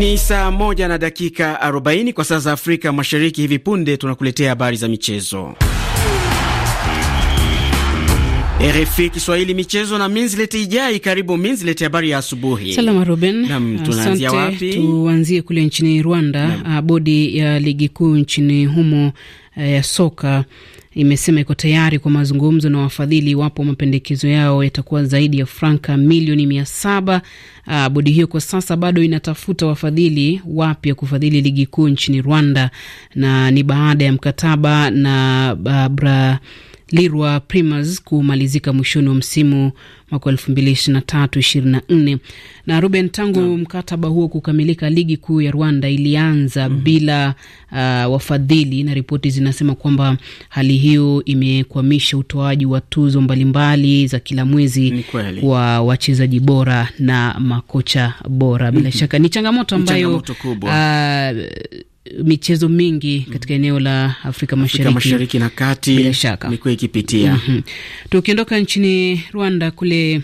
Ni saa moja na dakika 40 kwa saa za Afrika Mashariki. Hivi punde tunakuletea habari za michezo. RFI Kiswahili michezo na Minzlet Ijai. Karibu Minzlet, habari ya asubuhi. Salama Ruben. Naam, tunaanzia wapi? Tuanzie kule nchini Rwanda. Ah, bodi ya ligi kuu nchini humo eh, ya soka imesema iko tayari kwa mazungumzo na wafadhili iwapo mapendekezo yao yatakuwa zaidi ya franka milioni mia saba. Uh, bodi hiyo kwa sasa bado inatafuta wafadhili wapya kufadhili ligi kuu nchini Rwanda na ni baada ya mkataba na uh, bra Lirwa Primers kumalizika mwishoni wa msimu mwaka 2023/24 na Ruben, tangu no. mkataba huo kukamilika, ligi kuu ya Rwanda ilianza mm -hmm. bila uh, wafadhili, na ripoti zinasema kwamba hali hiyo imekwamisha utoaji wa tuzo mbalimbali za kila mwezi wa wachezaji bora na makocha bora. Bila mhm. shaka ni changamoto ambayo changamoto michezo mingi katika eneo la Afrika Mashariki, Afrika Mashariki na Kati, bila shaka imekuwa ikipitia mm -hmm. Tukiondoka nchini Rwanda kule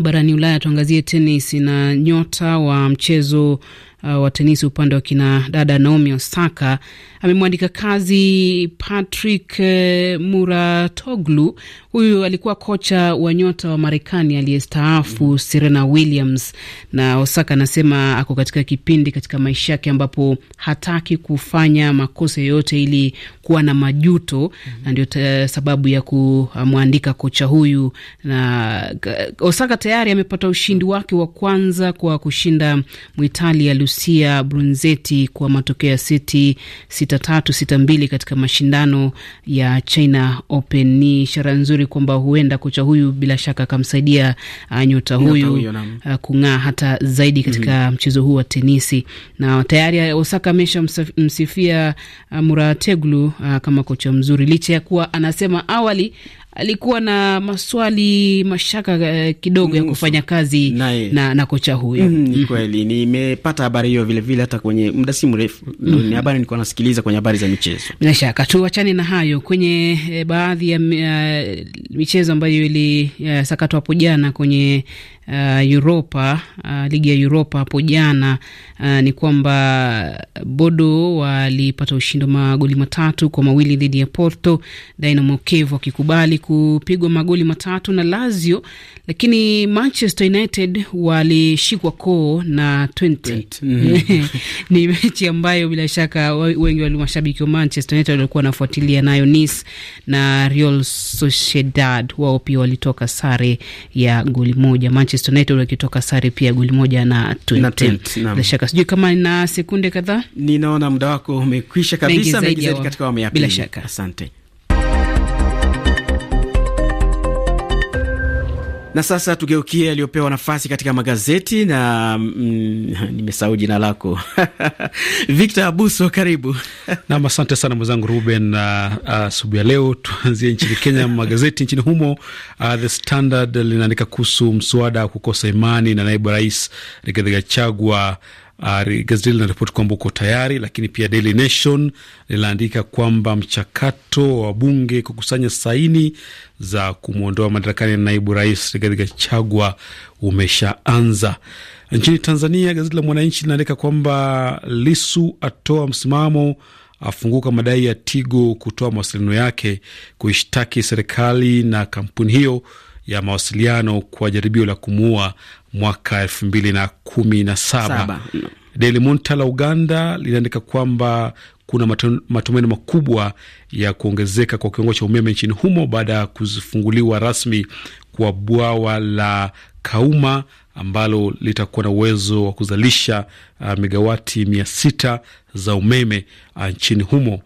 barani Ulaya tuangazie tenis na nyota wa mchezo uh, wa tenisi upande wa kina dada Naomi Osaka amemwandika kazi Patrick eh, Muratoglu. Huyu alikuwa kocha wa nyota wa Marekani aliyestaafu mm. Serena Williams, na Osaka anasema ako katika kipindi katika maisha yake ambapo hataki kufanya makosa yoyote ili kuwa na majuto mm -hmm. na ndio uh, sababu ya kumwandika kocha huyu, na uh, Osaka tayari amepata ushindi wake wa kwanza kwa kushinda Mwitalia Lucia brunzeti kwa matokeo ya seti 6-3 6 katika mashindano ya China Open. Ni ishara nzuri kwamba huenda kocha huyu bila shaka akamsaidia uh, nyota huyu uh, kung'aa hata zaidi katika mm -hmm. mchezo huu wa tenisi, na tayari Osaka amesha msifia uh, Murateglu kama kocha mzuri, licha ya kuwa anasema awali alikuwa na maswali mashaka eh, kidogo ya kufanya kazi na, na kocha huyo. Mm, mm -hmm. kweli nimepata habari hiyo vilevile, hata kwenye muda si mrefu mm -hmm. ni habari nilikuwa nasikiliza kwenye habari za michezo. Bila shaka tuachane na hayo kwenye e, baadhi ya uh, michezo ambayo ilisakatwa hapo jana kwenye uh, Europa uh, ligi ya Europa hapo jana uh, ni kwamba Bodo walipata ushindi wa magoli matatu kwa mawili dhidi ya Porto, Dinamo Kiev wakikubali kupigwa magoli matatu na Lazio, lakini Manchester United walishikwa koo na 20. Mm. Ni mechi ambayo bila shaka wengi wali mashabiki wa Manchester United walikuwa wanafuatilia nayo. Nice na Real Sociedad wao pia walitoka sare ya goli moja, Manchester United wakitoka sare pia goli moja na 20. Bila shaka sijui kama na sekunde kadhaa, ninaona muda wako umekwisha kabisa. Mengi zaidi katika awamu ya pili. Bila shaka, asante. Na sasa tugeukie aliyopewa nafasi katika magazeti na mm, nimesahau jina lako Victor Abuso, karibu nam. Asante sana mwenzangu Ruben. Uh, asubuhi ya leo tuanzie nchini Kenya, magazeti nchini humo. Uh, The Standard linaandika kuhusu mswada wa kukosa imani na naibu rais Rigathi Gachagua gazeti hili linaripoti kwamba uko tayari, lakini pia Daily Nation linaandika kwamba mchakato wa bunge kukusanya saini za kumwondoa madarakani ya naibu rais Rigathi Gachagua umeshaanza. Nchini Tanzania, gazeti la Mwananchi linaandika kwamba Lisu atoa msimamo afunguka madai ya Tigo kutoa mawasiliano yake kuishtaki serikali na kampuni hiyo ya mawasiliano kwa jaribio la kumuua mwaka elfu mbili na kumi na saba. Daily Monitor la Uganda linaandika kwamba kuna matumaini makubwa ya kuongezeka kwa kiwango cha umeme nchini humo baada ya kufunguliwa rasmi kwa bwawa la Kauma ambalo litakuwa na uwezo wa kuzalisha uh, megawati mia sita za umeme uh, nchini humo.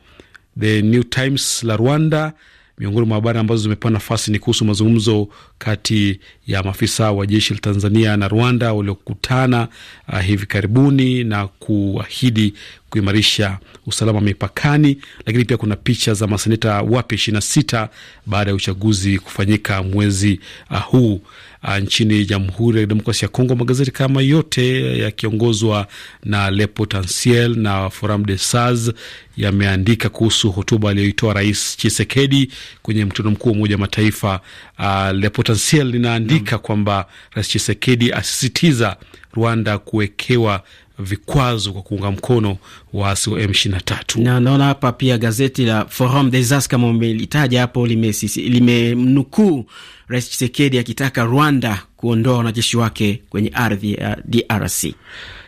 The New Times la Rwanda Miongoni mwa habari ambazo zimepewa nafasi ni kuhusu mazungumzo kati ya maafisa wa jeshi la Tanzania na Rwanda waliokutana uh, hivi karibuni na kuahidi kuimarisha usalama mipakani, lakini pia kuna picha za maseneta wapya ishirini na sita baada ya uchaguzi kufanyika mwezi ah, huu ah, nchini Jamhuri ya Demokrasia ya Kongo. Magazeti kama yote yakiongozwa na Le Potentiel na Forum des Sas yameandika kuhusu hotuba aliyoitoa Rais Chisekedi kwenye mkutano mkuu wa Umoja wa Mataifa. Uh, Le Potentiel linaandika mm, kwamba Rais Chisekedi asisitiza Rwanda kuwekewa vikwazo kwa kuunga mkono waasi wa M23. Na naona hapa pia gazeti la Forum des As kama umelitaja hapo limemnukuu lime Rais Chisekedi akitaka Rwanda kuondoa wanajeshi wake kwenye ardhi ya DRC.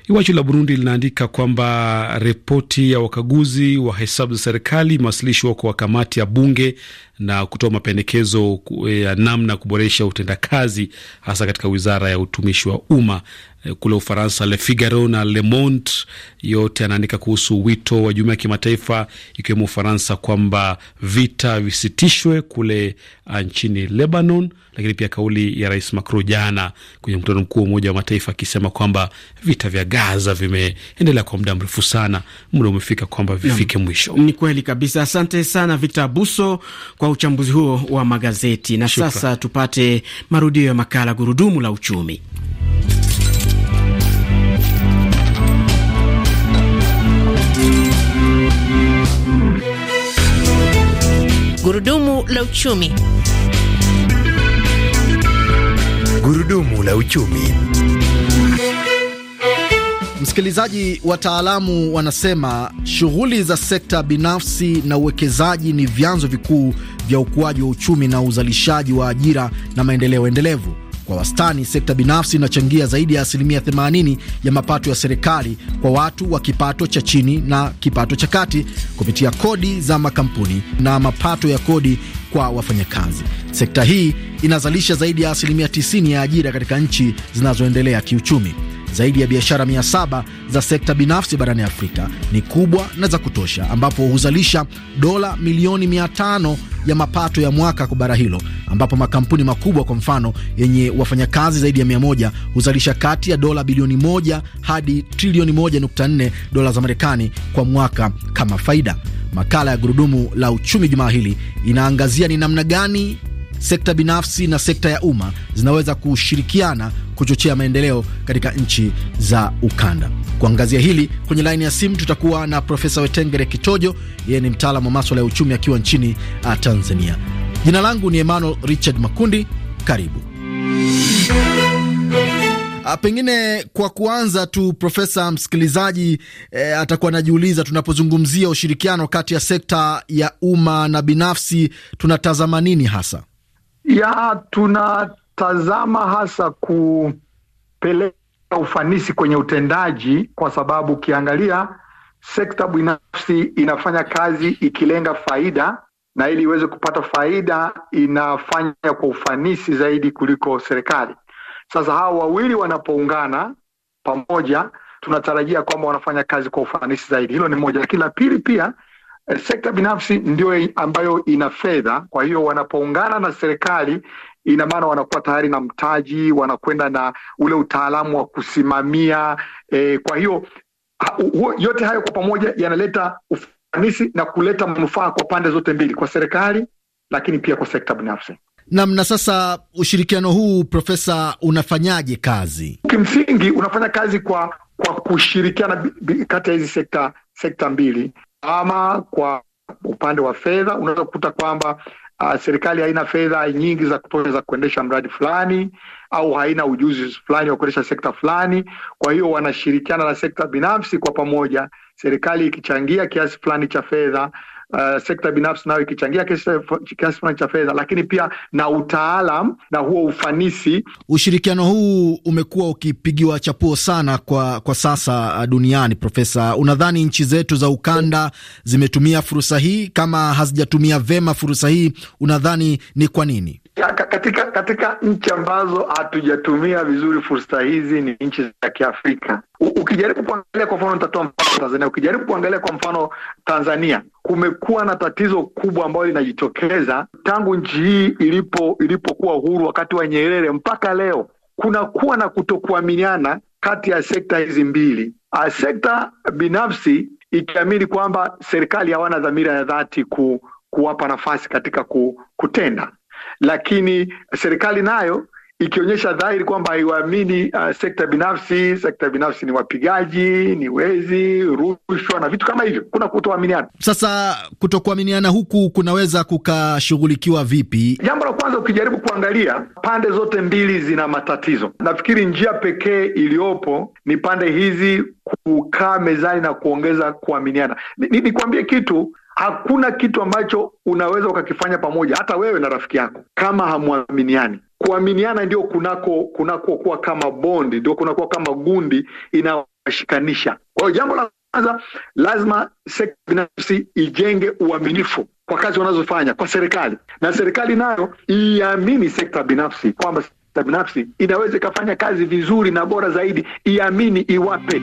Iwacho la Burundi linaandika kwamba ripoti ya wakaguzi wa hesabu za serikali imewasilishwa kwa kamati ya bunge na kutoa mapendekezo ya namna kuboresha utendakazi hasa katika wizara ya utumishi wa umma. Eh, kule Ufaransa, Le Figaro na Le Monde yote anaandika kuhusu wito wa jumuiya ya kimataifa ikiwemo Ufaransa kwamba vita visitishwe kule ah, nchini Lebanon, lakini pia kauli ya Rais Macron jana kwenye mkutano mkuu wa Umoja wa Mataifa akisema kwamba vita vya Gaza vimeendelea kwa muda mrefu sana, muda umefika kwamba vifike no. mwisho. Ni kweli kabisa. Asante sana Victor Buso kwa uchambuzi huo wa magazeti na Shukra. Sasa tupate marudio ya makala Gurudumu la Uchumi. Gurudumu la uchumi. Gurudumu la uchumi. Msikilizaji, wataalamu wanasema shughuli za sekta binafsi na uwekezaji ni vyanzo vikuu vya ukuaji wa uchumi na uzalishaji wa ajira na maendeleo endelevu. Kwa wastani, sekta binafsi inachangia zaidi ya asilimia 80 ya mapato ya serikali kwa watu wa kipato cha chini na kipato cha kati kupitia kodi za makampuni na mapato ya kodi kwa wafanyakazi. Sekta hii inazalisha zaidi ya asilimia 90 ya ajira katika nchi zinazoendelea kiuchumi. Zaidi ya biashara 700 za sekta binafsi barani Afrika ni kubwa na za kutosha, ambapo huzalisha dola milioni 500 ya mapato ya mwaka kwa bara hilo, ambapo makampuni makubwa kwa mfano yenye wafanyakazi zaidi ya 100 huzalisha kati ya dola bilioni 1 hadi trilioni 1.4 dola za Marekani kwa mwaka kama faida. Makala ya Gurudumu la Uchumi jumaa hili inaangazia ni namna gani sekta binafsi na sekta ya umma zinaweza kushirikiana kuchochea maendeleo katika nchi za ukanda. Kuangazia hili kwenye laini ya simu tutakuwa na Profesa Wetengere Kitojo, yeye ni mtaalamu wa maswala ya uchumi akiwa nchini uh, Tanzania. Jina langu ni Emmanuel Richard Makundi, karibu. A, uh, pengine kwa kuanza tu Profesa, msikilizaji e, atakuwa anajiuliza tunapozungumzia ushirikiano kati ya sekta ya umma na binafsi tunatazama nini hasa? ya tunatazama hasa kupeleka ufanisi kwenye utendaji, kwa sababu ukiangalia sekta binafsi inafanya kazi ikilenga faida, na ili iweze kupata faida inafanya kwa ufanisi zaidi kuliko serikali. Sasa hawa wawili wanapoungana pamoja, tunatarajia kwamba wanafanya kazi kwa ufanisi zaidi. Hilo ni moja, lakini la pili pia Eh, sekta binafsi ndio ambayo ina fedha, kwa hiyo wanapoungana na serikali ina maana wanakuwa tayari na mtaji, wanakwenda na ule utaalamu wa kusimamia e. Kwa hiyo yote hayo kwa pamoja yanaleta ufanisi na kuleta manufaa kwa pande zote mbili, kwa serikali lakini pia kwa sekta binafsi. Nam. Na sasa ushirikiano huu profesa, unafanyaje kazi? Kimsingi unafanya kazi kwa kwa kushirikiana kati ya hizi sekta sekta mbili ama kwa upande wa fedha unaweza kukuta kwamba uh, serikali haina fedha nyingi za kutosha za kuendesha mradi fulani au haina ujuzi fulani wa kuendesha sekta fulani. Kwa hiyo wanashirikiana na sekta binafsi kwa pamoja, serikali ikichangia kiasi fulani cha fedha uh, sekta binafsi nayo ikichangia kiasi fulani cha fedha, lakini pia na utaalam na huo ufanisi. Ushirikiano huu umekuwa ukipigiwa chapuo sana kwa, kwa sasa uh, duniani. Profesa, unadhani nchi zetu za ukanda zimetumia fursa hii? Kama hazijatumia vema fursa hii, unadhani ni kwa nini? katika katika nchi ambazo hatujatumia vizuri fursa hizi ni nchi za Kiafrika. Ukijaribu kuangalia kwa mfano, nitatoa mfano Tanzania. Ukijaribu kuangalia kwa mfano Tanzania, kumekuwa na tatizo kubwa ambayo linajitokeza tangu nchi hii ilipo ilipokuwa huru wakati wa Nyerere mpaka leo, kunakuwa na kutokuaminiana kati ya sekta hizi mbili, ah, sekta binafsi ikiamini kwamba serikali hawana dhamira ya dhati ku, kuwapa nafasi katika ku, kutenda lakini serikali nayo ikionyesha dhahiri kwamba haiwaamini uh, sekta binafsi. Sekta binafsi ni wapigaji, ni wezi, rushwa na vitu kama hivyo. Kuna kutoaminiana. Sasa kutokuaminiana huku kunaweza kukashughulikiwa vipi? Jambo la kwanza, ukijaribu kuangalia pande zote mbili zina matatizo. Nafikiri njia pekee iliyopo ni pande hizi kukaa mezani na kuongeza kuaminiana. nikuambie ni, ni kitu Hakuna kitu ambacho unaweza ukakifanya pamoja, hata wewe na rafiki yako, kama hamwaminiani. Kuaminiana ndio kunako kunakokuwa kama bondi, ndio kunakuwa kama gundi inayowashikanisha Kwa hiyo jambo la kwanza, lazima sekta binafsi ijenge uaminifu kwa kazi wanazofanya kwa serikali, na serikali nayo iamini sekta binafsi kwamba sekta binafsi inaweza ikafanya kazi vizuri na bora zaidi, iamini, iwape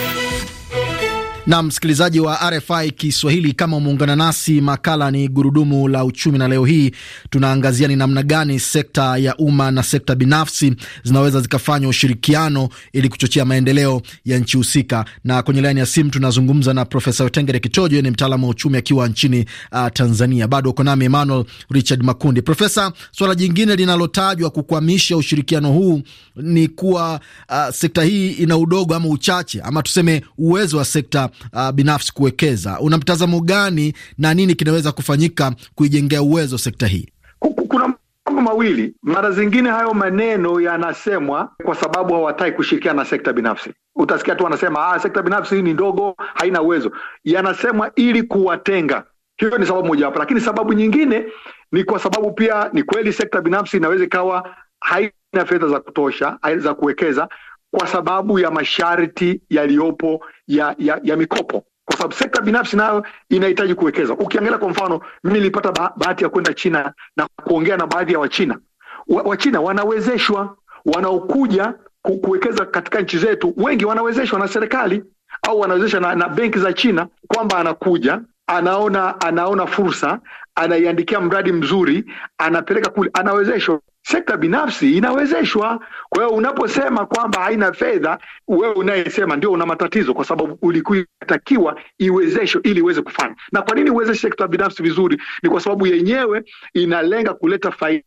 Na msikilizaji wa RFI Kiswahili, kama umeungana nasi, makala ni gurudumu la uchumi, na leo hii tunaangazia ni namna gani sekta ya umma na sekta binafsi zinaweza zikafanya ushirikiano ili kuchochea maendeleo ya nchi husika. Na kwenye laini ya simu tunazungumza na Profesa Wetengere Kitojo, ni mtaalamu wa uchumi akiwa nchini uh, Tanzania. Bado uko nami Emmanuel Richard Makundi. Profesa, swala jingine linalotajwa kukwamisha ushirikiano huu ni kuwa uh, sekta hii ina udogo ama uchache ama tuseme uwezo wa sekta uh, binafsi kuwekeza. Una mtazamo gani na nini kinaweza kufanyika kuijengea uwezo sekta hii? Kuna mambo mawili. Mara zingine hayo maneno yanasemwa kwa sababu hawataki kushirikiana na sekta binafsi. Utasikia tu wanasema ah, sekta binafsi hii ni ndogo, haina uwezo. Yanasemwa ili kuwatenga. Hiyo ni sababu mojawapo, lakini sababu nyingine ni kwa sababu pia ni kweli sekta binafsi inaweza ikawa haina fedha za kutosha za kuwekeza kwa sababu ya masharti yaliyopo ya, ya, ya mikopo kwa sababu sekta binafsi nayo inahitaji kuwekeza. Ukiangalia kwa mfano, mimi nilipata bahati ya kwenda China na kuongea na baadhi ya Wachina. Wachina wanawezeshwa, wanaokuja kuwekeza katika nchi zetu wengi wanawezeshwa na serikali au wanawezeshwa na, na benki za China kwamba anakuja anaona anaona fursa anaiandikia mradi mzuri, anapeleka kule, anawezeshwa. Sekta binafsi inawezeshwa. Kwa hiyo unaposema kwamba haina fedha, wewe unayesema ndio una matatizo, kwa sababu ulikuwa inatakiwa iwezeshwe ili iweze kufanya. Na kwa nini uwezeshe sekta binafsi vizuri? Ni kwa sababu yenyewe inalenga kuleta faida,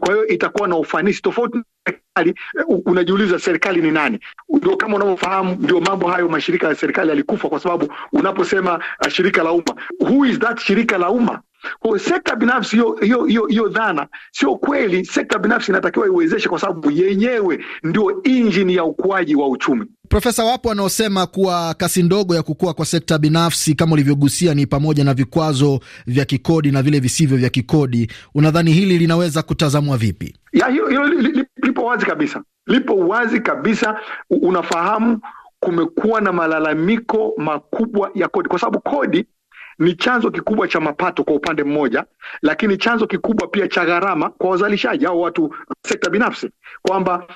kwa hiyo itakuwa na ufanisi tofauti serikali, eh, unajiuliza serikali ni nani? Ndio kama unavyofahamu, ndio mambo hayo mashirika ya serikali yalikufa, kwa sababu unaposema uh, shirika la umma, who is that shirika la umma? Kwa sekta binafsi hiyo hiyo hiyo hiyo dhana sio kweli. Sekta binafsi inatakiwa iwezeshe, kwa sababu yenyewe ndio injini ya ukuaji wa uchumi. Profesa, wapo wanaosema kuwa kasi ndogo ya kukua kwa sekta binafsi kama ulivyogusia ni pamoja na vikwazo vya kikodi na vile visivyo vya kikodi. Unadhani hili linaweza kutazamwa vipi? Ya, li, li, li, lipo wazi kabisa, lipo wazi kabisa. Unafahamu kumekuwa na malalamiko makubwa ya kodi, kwa sababu kodi ni chanzo kikubwa cha mapato kwa upande mmoja, lakini chanzo kikubwa pia cha gharama kwa wazalishaji au watu sekta binafsi, kwamba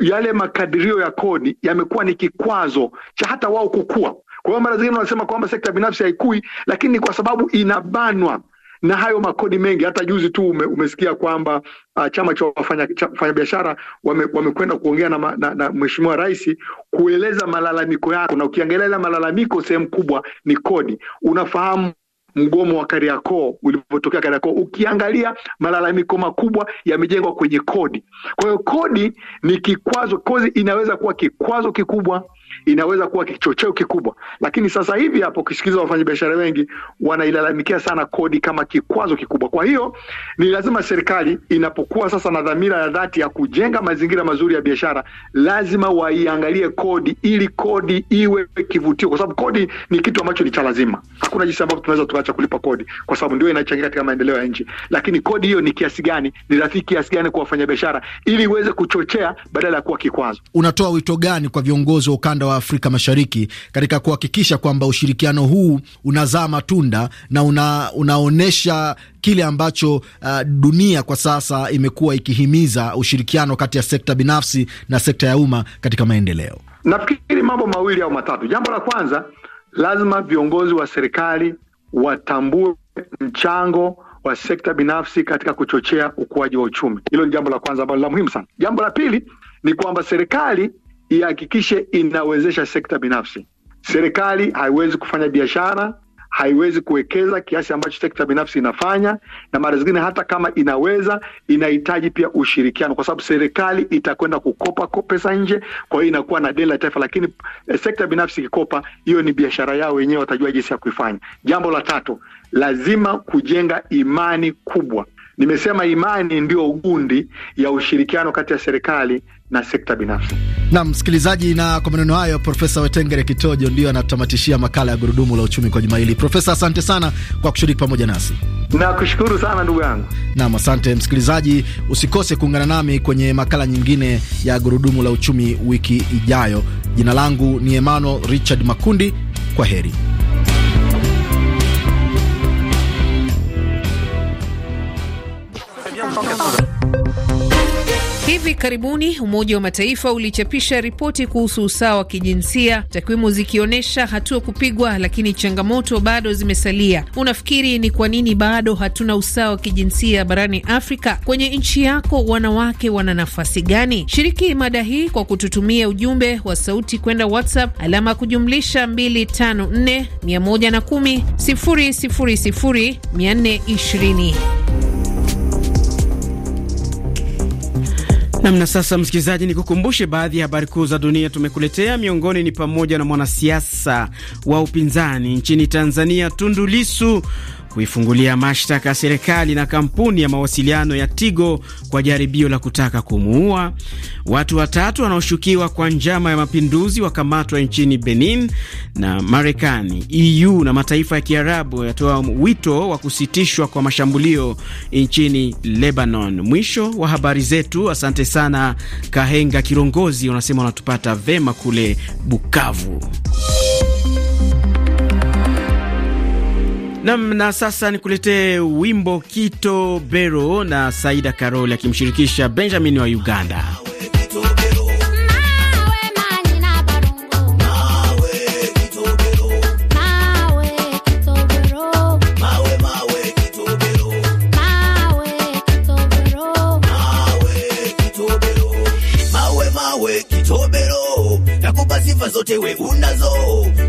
yale makadirio ya kodi yamekuwa ni kikwazo cha hata wao kukua. Kwa hiyo mara zingine wanasema kwamba sekta binafsi haikui, lakini kwa sababu inabanwa na hayo makodi mengi. Hata juzi tu ume, umesikia kwamba uh, chama cha wafanyabiashara wamekwenda wame kuongea na, na, na Mheshimiwa Rais kueleza malalamiko yako, na ukiangalia malalamiko sehemu kubwa ni kodi. Unafahamu mgomo wa Kariakoo ulivyotokea Kariakoo, ukiangalia malalamiko makubwa yamejengwa kwenye kodi. Kwa hiyo kodi ni kikwazo, kodi inaweza kuwa kikwazo kikubwa inaweza kuwa kichocheo kikubwa. Lakini sasa hivi hapo, ukisikiliza wafanyabiashara wengi wanailalamikia sana kodi kama kikwazo kikubwa. Kwa hiyo ni lazima serikali inapokuwa sasa na dhamira ya dhati ya kujenga mazingira mazuri ya biashara, lazima waiangalie kodi ili kodi iwe kivutio, kwa sababu kodi ni kitu ambacho ni cha lazima. Hakuna jinsi ambavyo tunaweza tukaacha kulipa kodi, kwa sababu ndio inachangia katika maendeleo ya nchi. Lakini kodi hiyo ni kiasi gani, ni rafiki kiasi gani kwa wafanyabiashara, ili iweze kuchochea badala ya kuwa kikwazo. Unatoa wito gani kwa viongozi wa ukanda wa Afrika Mashariki katika kuhakikisha kwamba ushirikiano huu unazaa matunda na una, unaonyesha kile ambacho uh, dunia kwa sasa imekuwa ikihimiza ushirikiano kati ya sekta binafsi na sekta ya umma katika maendeleo. Nafikiri mambo mawili au matatu. Jambo la kwanza, lazima viongozi wa serikali watambue mchango wa sekta binafsi katika kuchochea ukuaji wa uchumi. Hilo ni jambo la kwanza ambalo la muhimu sana. Jambo la pili ni kwamba serikali ihakikishe inawezesha sekta binafsi. Serikali haiwezi kufanya biashara, haiwezi kuwekeza kiasi ambacho sekta binafsi inafanya, na mara zingine hata kama inaweza, inahitaji pia ushirikiano, kwa sababu serikali itakwenda kukopa pesa nje, kwa hiyo inakuwa na deni la taifa. Lakini eh, sekta binafsi ikikopa, hiyo ni biashara yao wenyewe, watajua jinsi ya kuifanya. Jambo la tatu, lazima kujenga imani kubwa Nimesema imani ndiyo ugundi ya ushirikiano kati ya serikali na sekta binafsi. Na msikilizaji, na kwa maneno hayo Profesa Wetengere Kitojo ndiyo anatamatishia makala ya Gurudumu la Uchumi kwa juma hili. Profesa, asante sana kwa kushiriki pamoja nasi. Nakushukuru sana ndugu yangu. Naam, asante msikilizaji, usikose kuungana nami kwenye makala nyingine ya Gurudumu la Uchumi wiki ijayo. Jina langu ni Emmanuel Richard Makundi. Kwa heri. Hivi karibuni Umoja wa Mataifa ulichapisha ripoti kuhusu usawa wa kijinsia, takwimu zikionyesha hatua kupigwa, lakini changamoto bado zimesalia. Unafikiri ni kwa nini bado hatuna usawa wa kijinsia barani Afrika? Kwenye nchi yako wanawake wana nafasi gani? Shiriki mada hii kwa kututumia ujumbe wa sauti kwenda WhatsApp alama kujumlisha 254 110 000 420. namna. Sasa msikilizaji, ni kukumbushe baadhi ya habari kuu za dunia tumekuletea, miongoni ni pamoja na mwanasiasa wa upinzani nchini Tanzania Tundu Lisu kuifungulia mashtaka serikali na kampuni ya mawasiliano ya Tigo kwa jaribio la kutaka kumuua. Watu watatu wanaoshukiwa kwa njama ya mapinduzi wakamatwa nchini Benin. Na Marekani, EU na mataifa ya Kiarabu yatoa wito wa kusitishwa kwa mashambulio nchini Lebanon. Mwisho wa habari zetu. Asante sana Kahenga Kirongozi, unasema unatupata vema kule Bukavu. Nam, na sasa nikuletee wimbo Kito Bero na Saida Karoli akimshirikisha Benjamin wa Uganda. sifa zote we unazo,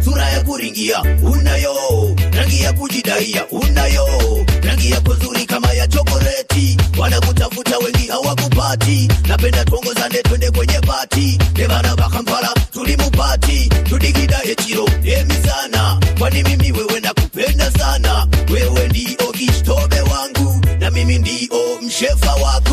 sura ya kuringia unayo ya kujidaia unayo, rangi yako nzuri kama ya chokoleti, wanakutafuta wengi hawakupati. Napenda tuongozane, twende kwenye pati ebana bakampala tulimupati tudigida hechiro emi sana, kwani mimi wewe nakupenda sana, wewe ndio kishtobe wangu na mimi ndio mshefa wako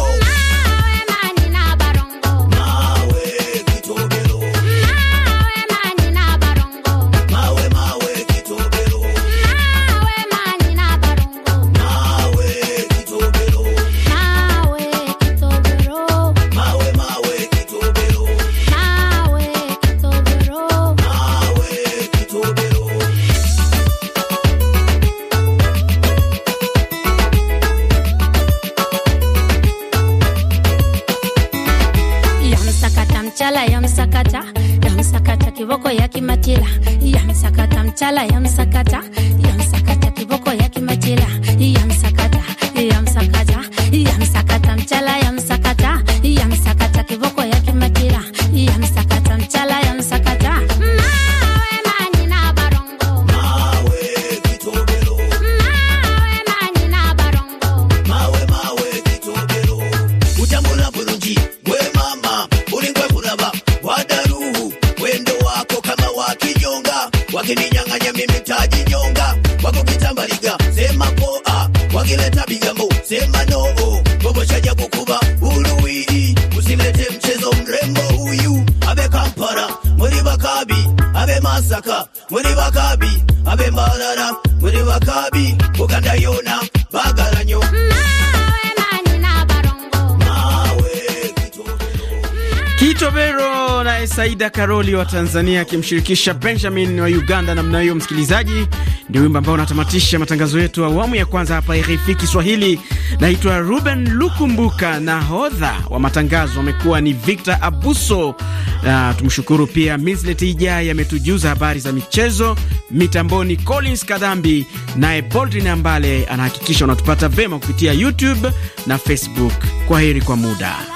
I you. Chobero na Saida Karoli wa Tanzania akimshirikisha Benjamin wa Uganda. Namna hiyo, msikilizaji, ndio wimbo ambao unatamatisha matangazo yetu awamu ya kwanza hapa RFI Kiswahili. Naitwa Ruben Lukumbuka, nahodha wa matangazo amekuwa ni Victor Abuso, na tumshukuru pia Mislet Ijai ametujuza habari za michezo mitamboni. Collins Kadhambi naye Boldrin Ambale anahakikisha unatupata vema kupitia YouTube na Facebook. Kwa heri kwa muda.